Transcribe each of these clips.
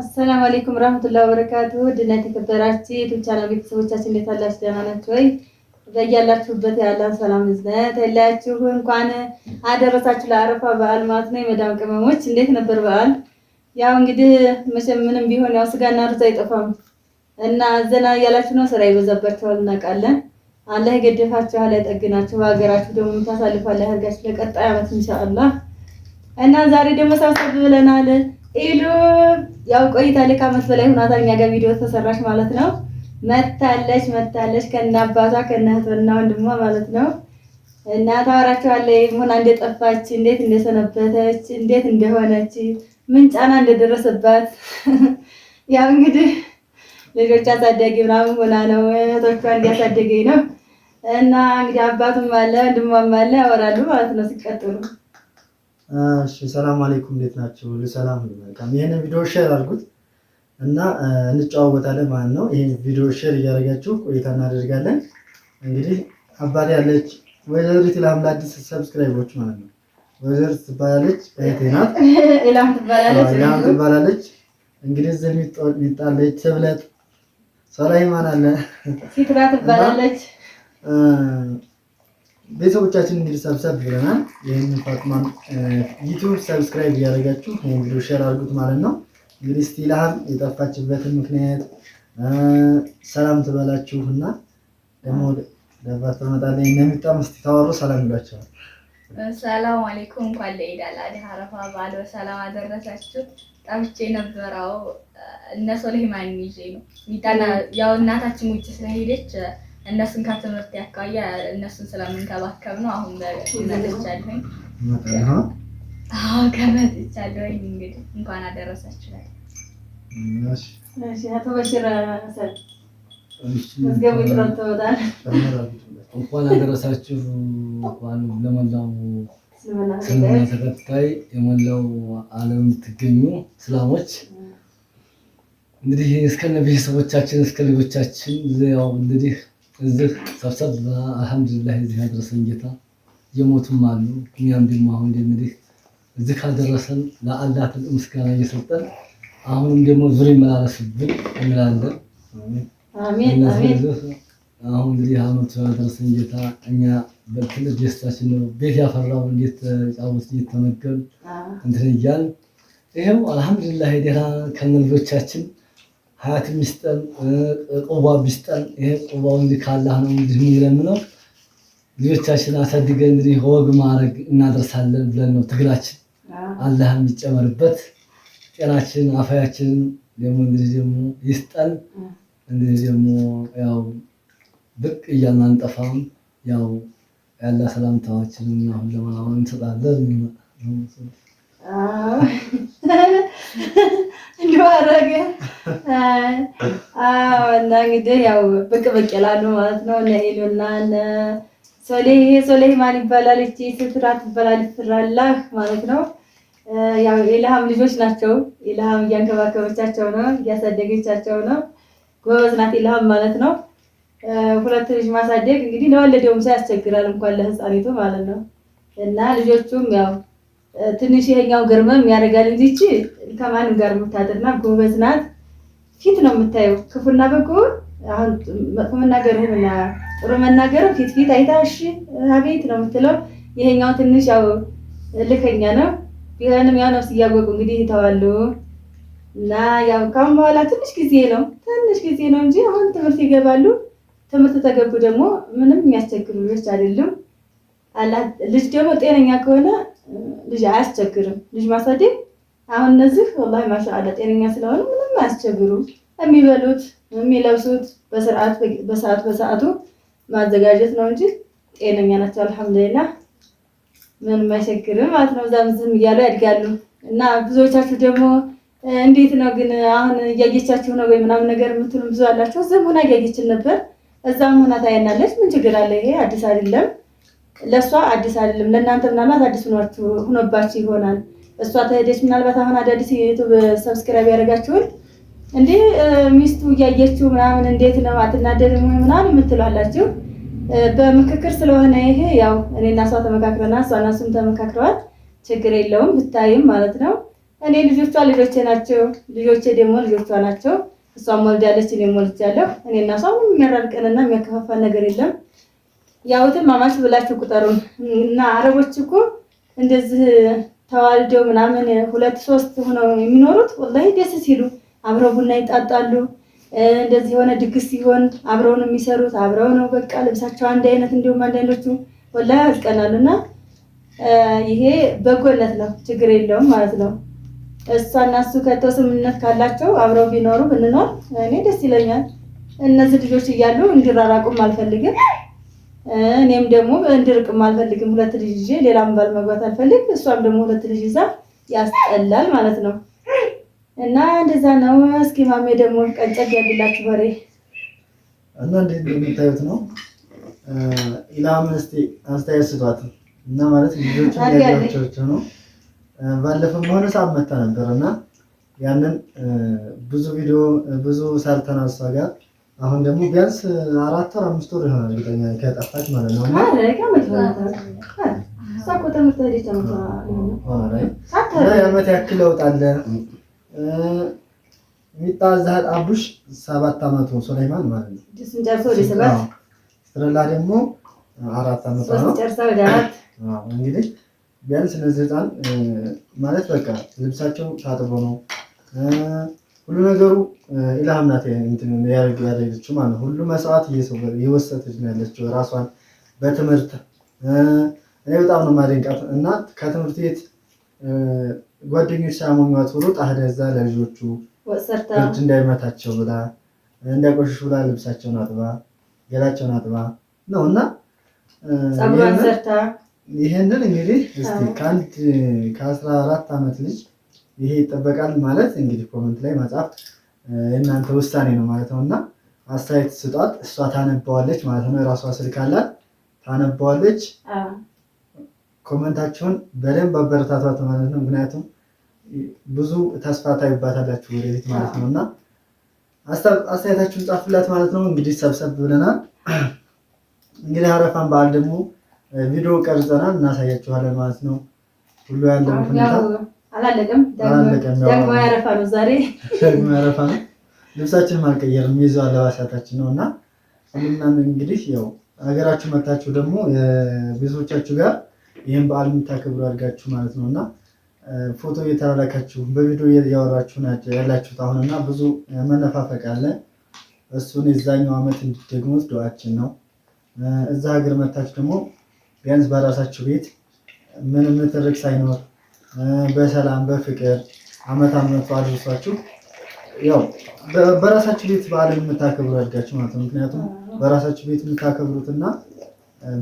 አሰላሙ አለይኩም ረህመቱላሂ ወበረካቱ። ድና የተከበራችሁ የቱቻና ቤተሰቦቻችን እንዴት አላችሁ? ደህና ናችሁ ወይ? በያላችሁበት ያለ ሰላም ዝነት ያላችሁ እንኳን አደረሳችሁ ለአረፋ በዓል ማለት ነው። የመዳም ቅመሞች እንዴት ነበር በዓል? ያው እንግዲህ መቼም ምንም ቢሆን ያው ስጋና ሩዝ አይጠፋም እና ዘና እያላችሁ ነው። ስራ ይበዛባችኋል እናውቃለን። አላህ የገደፋችሁ አላህ ይጠግናችሁ። በሀገራችሁ ደግሞ የምታሳልፉ አላህ ያድርጋችሁ ለቀጣይ አመት ኢንሻአላህ። እና ዛሬ ደግሞ ሰብሰብ ብለናል። ኤሎ ያው ቆይታ ልክ በላይ ሁናታ እኛ ጋር ቪዲዮ ተሰራሽ ማለት ነው። መታለች መታለች ከናባቷ ከእናትና ወንድሟ ማለት ነው። እና ታወራቸዋለች ሙና እንደጠፋች እንዴት እንደሰነበተች እንዴት እንደሆነች ምን ጫና እንደደረሰባት ያው እንግዲህ ልጆቿ አሳደጊ ምናምን ሆና ነው እህቶቿ እንዲያሳደገኝ ነው። እና እንግዲህ አባቱም አለ ወንድሟም አለ ያወራሉ ማለት ነው ሲቀጥሉ እሺ ሰላም አለይኩም እንዴት ናችሁ? ሰላም ነው። መልካም ይሄን ቪዲዮ ሼር አድርጉት እና እንጨዋወታለን ማለት ነው። ይሄን ቪዲዮ ሼር እያደረጋችሁ ቆይታ እናደርጋለን። እንግዲህ አባቴ ያለች ወይዘሪት ኢልሃም ለአዲስ ሰብስክራይቦች ማለት ነው። ወይዘሪት ትባላለች፣ እህቴ ናት። ኢልሃም ትባላለች፣ ኢልሃም ትባላለች። እንግዲህ እዚህ የሚጣለች ትብለጥ ሰላይማን አለ ሲትራ ትባላለች ቤተሰቦቻችን እንግዲህ ሰብሰብ ብለናል። ይህን ፋትማን ዩቱብ ሰብስክራይብ እያደረጋችሁ ቪዲዮ ሼር አድርጉት ማለት ነው። እንግዲህ እስቲ ለሀም የጠፋችበትን ምክንያት ሰላም ትበላችሁ እና ደግሞ ደባት ተመጣለ እንደሚጣም እስቲ ታወሩ ሰላም ይሏቸዋል። ሰላም አሌይኩም እንኳን ለኢድ አል አረፋ ባለ ሰላም አደረሳችሁ። ጠፍቼ ነበረው እነሶ ላይ ይዤ ነው ሚጣና ያው እናታችን ውጭ ስለሄደች እነሱን ከትምህርት ያካያ እነሱን ስለምንከባከብ ነው። አሁን መጥቻለሁኝ ከመጥቻለሁኝ። እንግዲህ እንኳን አደረሳችሁ። አቶ በሽር እንኳን አደረሳችሁ። እንኳን ለመላው እስልምና ተከታይ የመላው ዓለም የምትገኙ እስላሞች እንግዲህ እስከነ ቤተሰቦቻችን እስከ ልጆቻችን ያው እንግዲህ እዚህ ሰብሰብ አልሐምዱሊላህ እዚህ ያደረሰን ጌታ የሞቱም አሉ እኛም ደግሞ አሁን እንግዲህ እዚህ ካልደረሰን ለአላህ ትልቅ ምስጋና እየሰጠን አሁንም ደግሞ ዙር ይመላለስብን እንላለን። አሁን እንግዲህ አመቱ ያደረሰን ጌታ እኛ ትልቅ ደስታችን ነው። ቤት ያፈራው እንዴት ጫወት እንዴት ተመገብ እንትን እያልን ይኸው አልሐምዱሊላህ ደህና ከነ ሀያት ሚስጠን ቁባ ሚስጠን። ይሄ ቆባው እንግዲህ ካላህ ነው እንግዲህ የሚለምነው ልጆቻችን አሳድገን እንግዲህ ወግ ማድረግ እናደርሳለን ብለን ነው ትግላችን። አላህ የሚጨመርበት ጤናችን አፋያችን ደግሞ እንግዲህ ደግሞ ይስጠን። እንግዲህ ደግሞ ያው ብቅ እያልን አንጠፋም። ያው ያለ ሰላምታዎችንም አሁን ለማሁን እንሰጣለን። እንዲሁ አደረገ እና እንግዲህ ያው ብቅ ብቅ ይላሉ ማለት ነው። እነ ኢሉና እነ ሶሌ ሶሌማን ይባላል እቺ ስትራ ትባላል ትራላህ ማለት ነው። ያው የኢልሃም ልጆች ናቸው። ኢልሃም እያንከባከበቻቸው ነው፣ እያሳደገቻቸው ነው። ጎበዝ ናት ኢልሃም ማለት ነው። ሁለት ልጅ ማሳደግ እንግዲህ ለወለደውም ሰው ያስቸግራል፣ እንኳን ለህፃኒቱ ማለት ነው። እና ልጆቹም ያው ትንሽ ይሄኛው ግርምም ያደርጋል እንጂ ከማንም ጋር የምታድር ናት፣ ጎበዝ ናት። ፊት ነው የምታየው ክፉና በጎ አሁን መጥፎ ሆነና ጥሩ መናገር ፊት ፊት አይታ እሺ አቤት ነው የምትለው። ይሄኛው ትንሽ ያው ልከኛ ነው ቢሆንም ያው ነፍስ እያወቁ እንግዲህ ይተዋሉ እና ያው ካሁን በኋላ ትንሽ ጊዜ ነው ትንሽ ጊዜ ነው እንጂ አሁን ትምህርት ይገባሉ። ትምህርት ተገቡ ደግሞ ምንም የሚያስቸግሩ ልጆች አይደሉም። ልጅ ደግሞ ጤነኛ ከሆነ ልጅ አያስቸግርም። ልጅ ማሳደግ አሁን እነዚህ ወላሂ ማሻአላ ጤነኛ ስለሆኑ ምንም አያስቸግሩም። የሚበሉት የሚለብሱት በስርዓት በሰዓት በሰዓቱ ማዘጋጀት ነው እንጂ ጤነኛ ናቸው። አልሐምዱሊላ ምን አይቸግርም ማለት ነው። እዛም ዝም እያሉ ያድጋሉ እና ብዙዎቻችሁ ደግሞ እንዴት ነው ግን አሁን እያየቻችሁ ነው ወይ ምናምን ነገር የምትሉም ብዙ አላቸው። ዝም ሆና እያየችን ነበር፣ እዛም ሆና ታየናለች። ምን ችግር አለ? ይሄ አዲስ አይደለም፣ ለእሷ አዲስ አይደለም። ለእናንተ ምናልባት አዲስ ሆኖባችሁ ይሆናል። እሷ ተሄደች ምናልባት አሁን አዳዲስ ዩቱብ ሰብስክራይብ ያደረጋችሁን እንዴ ሚስቱ እያየችው ምናምን እንዴት ነው አትናደድም ምናምን የምትሏላችሁ፣ በምክክር ስለሆነ ይሄ ያው እኔና እሷ ተመካክረና እሷና እሱም ተመካክረዋል። ችግር የለውም ብታይም ማለት ነው። እኔ ልጆቿ ልጆቼ ናቸው፣ ልጆቼ ደግሞ ልጆቿ ናቸው። እሷም ወልዳለች፣ እኔም ወልጃለሁ። እኔና እሷ የሚያራርቀንና የሚያከፋፋል ነገር የለም። ያውትን ማማች ብላችሁ ቁጠሩም እና አረቦች እኮ እንደዚህ ተዋልደው ምናምን ሁለት ሶስት ሆነው የሚኖሩት ወላሂ ደስ ሲሉ አብረው ቡና ይጣጣሉ። እንደዚህ የሆነ ድግስ ሲሆን አብረው ነው የሚሰሩት። አብረው ነው በቃ ልብሳቸው አንድ አይነት፣ እንዲሁም አንዳንዶቹ ወላሂ ያስቀናሉ። እና ይሄ በጎነት ነው፣ ችግር የለውም ማለት ነው። እሷ እና እሱ ከተው ስምምነት ካላቸው አብረው ቢኖሩ ብንኖር እኔ ደስ ይለኛል። እነዚህ ልጆች እያሉ እንዲራራቁም አልፈልግም። እኔም ደግሞ እንድርቅም አልፈልግም። ሁለት ልጅ ይዤ ሌላም ባል መግባት አልፈልግ። እሷም ደግሞ ሁለት ልጅ ይዛ ያስጠላል ማለት ነው። እና እንደዛ ነው። እስኪ ማሜ ደግሞ ያድላችሁ እና እንዴት እንደምታዩት ነው። ኢላም አስተያየት ስጧት እና ማለት ልጆች ነው። ባለፈው ነበር እና ያንን ብዙ ቪዲዮ ብዙ እሷ ጋር። አሁን ደግሞ ቢያንስ አራት ወር አምስት ወር ይሆናል እርግጠኛ ከጠፋች ማለት ነው። ያክል ለውጥ አለ የሚጣዛህ አቡሽ ሰባት አመቱ ሱለይማን ማለት ነው። ስለላ ደግሞ አራት አመቷ ነው። እንግዲህ ቢያንስ እነዚህ ህፃን ማለት በቃ ልብሳቸው ታጥቦ ነው ሁሉ ነገሩ ኢላምናት ያደረገችው ማለት ሁሉ መስዋዕት እየወሰደች ነው ያለችው ራሷን በትምህርት እኔ በጣም ነው የማደንቃት እና ከትምህርት ቤት ጓደኞች አሞኟት ብሎ ጣህደ እዛ ለልጆቹ ብርድ እንዳይመታቸው ብላ እንዳይቆሽሽ ብላ ልብሳቸውን አጥባ ገላቸውን አጥባ ነው እና ይህንን እንግዲህ እስቲ ከአንድ ከአስራ አራት ዓመት ልጅ ይሄ ይጠበቃል ማለት እንግዲህ ኮመንት ላይ መጽሐፍ የእናንተ ውሳኔ ነው ማለት ነው እና አስተያየት ስጧት። እሷ ታነባዋለች ማለት ነው። የራሷ ስልክ አላት ታነባዋለች። ኮመንታችሁን በደንብ አበረታቷት ማለት ነው። ምክንያቱም ብዙ ተስፋ ታዩባታላችሁ ወደፊት ማለት ነው እና አስተያየታችሁን ጻፍላት ማለት ነው። እንግዲህ ሰብሰብ ብለናል። እንግዲህ አረፋን በዓል ደግሞ ቪዲዮ ቀርጸናል እናሳያችኋለን ማለት ነው። ሁሉ ያለ ሁኔታ አላለቀም፣ ደግሞ ያረፋ ነው ዛሬ ደግሞ ያረፋ ነው። ልብሳችንም አልቀየርም ይዘው አለባሳታችን ነው እና እናም እንግዲህ ያው ሀገራችሁ መታችሁ ደግሞ የብዙዎቻችሁ ጋር ይህም በዓል የምታከብሩ አድርጋችሁ ማለት ነው እና ፎቶ እየተላላካችሁ በቪዲዮ እያወራችሁ ናቸው ያላችሁት አሁን እና ብዙ መነፋፈቅ አለ። እሱን የዛኛው ዓመት እንድትደግሙት ዱዓችን ነው። እዛ ሀገር መታችሁ ደግሞ ቢያንስ በራሳችሁ ቤት ምንም ትርቅ ሳይኖር በሰላም በፍቅር ዓመት ዓመቱ አድርሷችሁ ያው በራሳችሁ ቤት በዓልን የምታከብሩ አድርጋችሁ ማለት ነው። ምክንያቱም በራሳችሁ ቤት የምታከብሩትና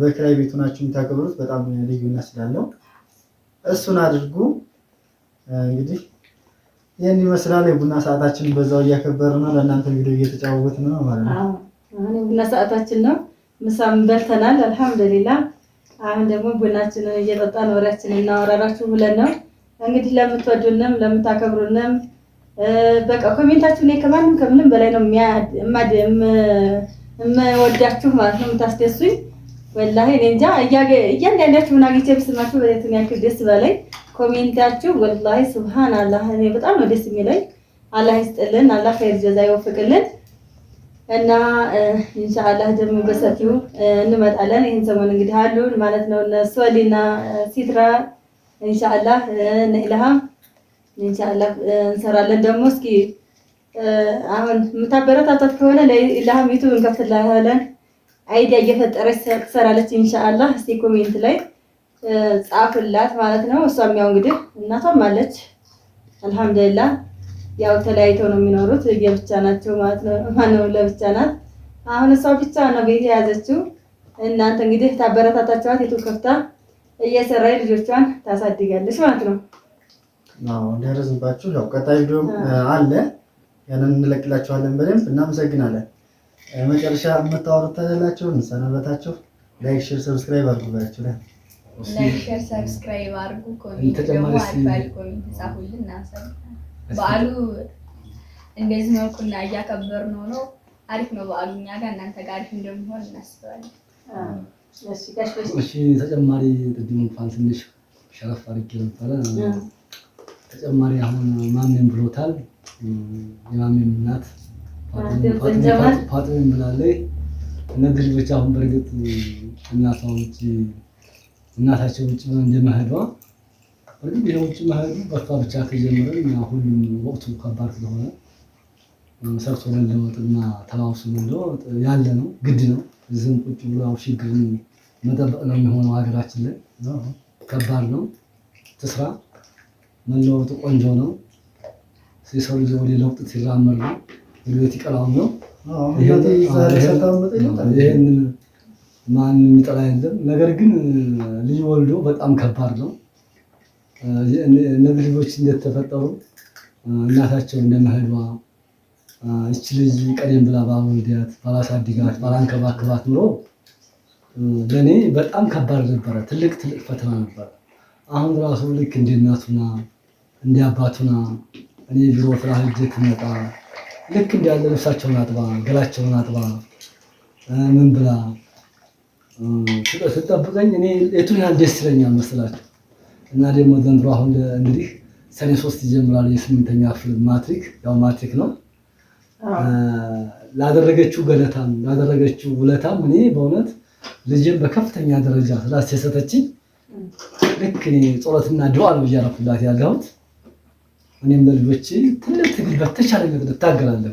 በክራይ ቤቱ ናችሁ የምታከብሩት በጣም ልዩነት ስላለው እሱን አድርጉ። እንግዲህ ይህን ይመስላል። የቡና ሰዓታችን በዛው እያከበርን ነው። ለእናንተ ቪዲዮ እየተጫወትን ነው ማለት ነው። አሁን የቡና ሰዓታችን ነው። ምሳም በልተናል አልሐምዱሊላ። አሁን ደግሞ ቡናችንን እየጠጣን ወሬያችንን እናወራራችሁ ብለን ነው እንግዲህ ለምትወዱንም ለምታከብሩንም በቃ ኮሜንታችሁ ላይ ከማንም ከምንም በላይ ነው የምወዳችሁ ማለት ነው የምታስደሱኝ ወላሂ እኔ እንጃ እያንዳንዳችሁ ምን አግኝቼ ብስማችሁ በትን ያክል ደስ በላይ ኮሜንታችሁ፣ ወላሂ ስብሃን አላህ እኔ በጣም ነው ደስ የሚለኝ። አላህ ይስጥልን፣ አላህ ኸይር ጀዛ ይወፍቅልን እና ኢንሻአላህ ደግሞ በሰፊው እንመጣለን። ይህን ሰሞን እንግዲህ አሉን ማለት ነው እነ ሶሊና ሲትራ ኢንሻአላህ እነ ኢንሻአላህ እንሰራለን። ደግሞ እስኪ አሁን የምታበረታታት ከሆነ ለኢልሃም ዩቱብ እንከፍትላለን አይዲያ እየፈጠረች ትሰራለች። ኢንሻአላህ እስቲ ኮሜንት ላይ ጻፉላት ማለት ነው። እሷም ያው እንግዲህ እናቷም አለች አልሐምዱሊላህ። ያው ተለያይተው ነው የሚኖሩት የብቻ ናቸው ማለት ነው። ማነው ለብቻ ናት። አሁን እሷ ብቻ ነው ቤት የያዘችው። እናንተ እንግዲህ ታበረታታችኋት፣ የቱ ከፍታ እየሰራች ልጆቿን ታሳድጋለች ማለት ነው። አዎ እንዳይረዝምባችሁ፣ ያው ቀጣይ ቪዲዮም አለ ያንን እንለቅላችኋለን። በደንብ እናመሰግናለን። መጨረሻ የምታወሩት ተላላችሁ እንሰናበታችሁ። ላይክ ሼር ሰብስክራይብ አድርጉላችሁ። ላይክ ሼር ሰብስክራይብ አድርጉ። ኮሜንት ደግሞ አልፋል ኮሜንት ጻፉልን። በዓሉ እንደዚህ መልኩና እያከበር ነው ነው አሪፍ ነው በዓሉ። እኛ ጋር እናንተ ጋር አሪፍ እንደሚሆን እናስባለን። እሺ ተጨማሪ ቅድም እንኳን ትንሽ ሸረፍ አድርጌ ነበረ። ተጨማሪ አሁን ማሜን ብሎታል የማሜን እናት ፋጥሜን ብላለች እነዚህ ልጆች አሁን በእርግጥ እናቷ ውጭ እናታቸው ውጭ እንደመሄዷ እርግጥ ይሄ ውጭ መሄዱ በእሷ ብቻ ከጀመረ እና ሁሉም ወቅቱ ከባድ ስለሆነ ሰርቶ መለወጥና ተባብሶ መለወጥ ያለ ነው፣ ግድ ነው። ዝም ቁጭ ብሎ ያው ችግርን መጠበቅ ነው የሚሆነው። ሀገራችን ላይ ከባድ ነው። ትስራ መለወጡ ቆንጆ ነው። የሰው ልጅ ወደ ለውጥ ሲራመድ ነው። የቤት ይቀላም ነው። ይህን ማን የሚጠላ የለም። ነገር ግን ልጅ ወልዶ በጣም ከባድ ነው። እነዚህ ልጆች እንደተፈጠሩ እናታቸው እንደመሄዷ እች ልጅ ቀደም ብላ ባልወልዳት ባላሳድጋት ባላንከባክባት ኑሮ ለእኔ በጣም ከባድ ነበረ። ትልቅ ትልቅ ፈተና ነበረ። አሁን ራሱ ልክ እንደ እናቱና እንደ አባቱና እኔ ቢሮ ስራ ሂጅ ትመጣ ልክ እንዳለ ልብሳቸውን አጥባ፣ ገላቸውን አጥባ፣ ምን ብላ ስጠብቀኝ እኔ የቱን ያህል ደስ ይለኛል መስላቸው እና ደግሞ ዘንድሮ አሁን እንግዲህ ሰኔ ሶስት ይጀምራል የስምንተኛ ክፍል ማትሪክ፣ ያው ማትሪክ ነው። ላደረገችው ገለታም ላደረገችው ውለታም እኔ በእውነት ልጅም በከፍተኛ ደረጃ ስላስደሰተችኝ ልክ እኔ ጸሎትና ድዋ ነው እያረኩላት ያለሁት። እኔም ለልጆቼ ትልቅ ትግል በተቻለ ነገር እታገላለሁ።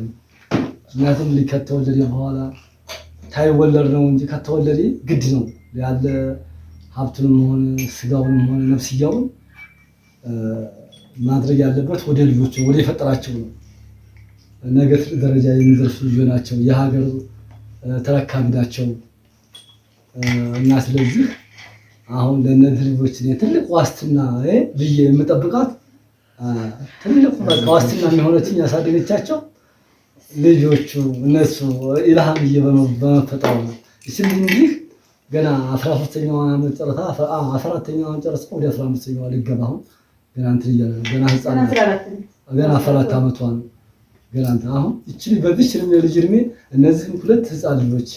ምክንያቱም ልጅ ከተወለደ በኋላ ታይወለድ ነው እንጂ ከተወለደ ግድ ነው ያለ ሀብቱንም ሆነ ስጋውንም ሆነ ነፍስያውን ማድረግ ያለበት ወደ ልጆቹ ወደ የፈጠራቸው ነው። ነገ ትልቅ ደረጃ የሚደርሱ ልጆች ናቸው፣ የሀገር ተረካቢ ናቸው እና ስለዚህ አሁን ለእነዚህ ልጆች ትልቅ ዋስትና ብዬ የምጠብቃት ትልቁ በቃ ዋስትና የሚሆነችን ያሳደገቻቸው ልጆቹ እነሱ ኢልሃም እየበኑ በመፈጠሩ ነው። እችል እንግዲህ ገና አስራ ሶስተኛዋ ጨረታ አስራ አራተኛዋ ጨረታ ወደ አስራ አምስተኛዋ ልገባ አሁን ገና እንትን እያለ ገና ህፃን ገና አስራ አራት ዓመቷ ነው። ገና እንትን አሁን እችል በዚች ልጅ እድሜ እነዚህን ሁለት ህፃን ልጆች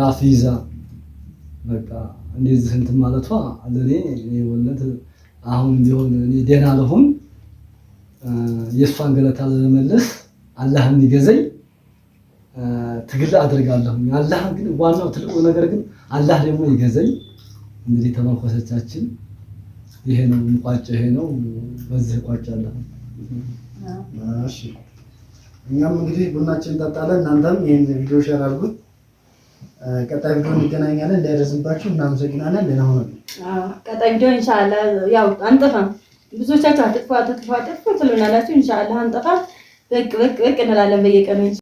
ራሱ ይዛ በቃ እንደዚህ እንትን ማለቷ ለእኔ ወለት አሁን ቢሆን እኔ ደህና ለሆን የእሷን ገለታ ለመመለስ አላህን ይገዘኝ ትግል አድርጋለሁ። አላህ ግን ዋናው ትልቁ ነገር ግን አላህ ደግሞ ይገዘኝ። እንግዲህ ተመኮሰቻችን ይሄ ነው ቋጭ፣ ይሄ ነው በዚህ ቋጭ አለሁ። እሺ እኛም እንግዲህ ቡናችን እንጠጣለን። እናንተም ይህን ቪዲዮ ሼር አድርጉት። ቀጣይ ቪዲዮ እንገናኛለን። እንዳይረዝምባችሁ እናመሰግናለን። ደህና ሁኑ። ቀጣይ ቪዲዮ ኢንሻአላህ ያው አንጠፋም። ብዙዎቻቸው አጥፎ አጥፎ አጥጥፎ ትልናላችሁ። ኢንሻአላህ አንጠፋ በቅ በቅ በቅ እንላለን በየቀኑ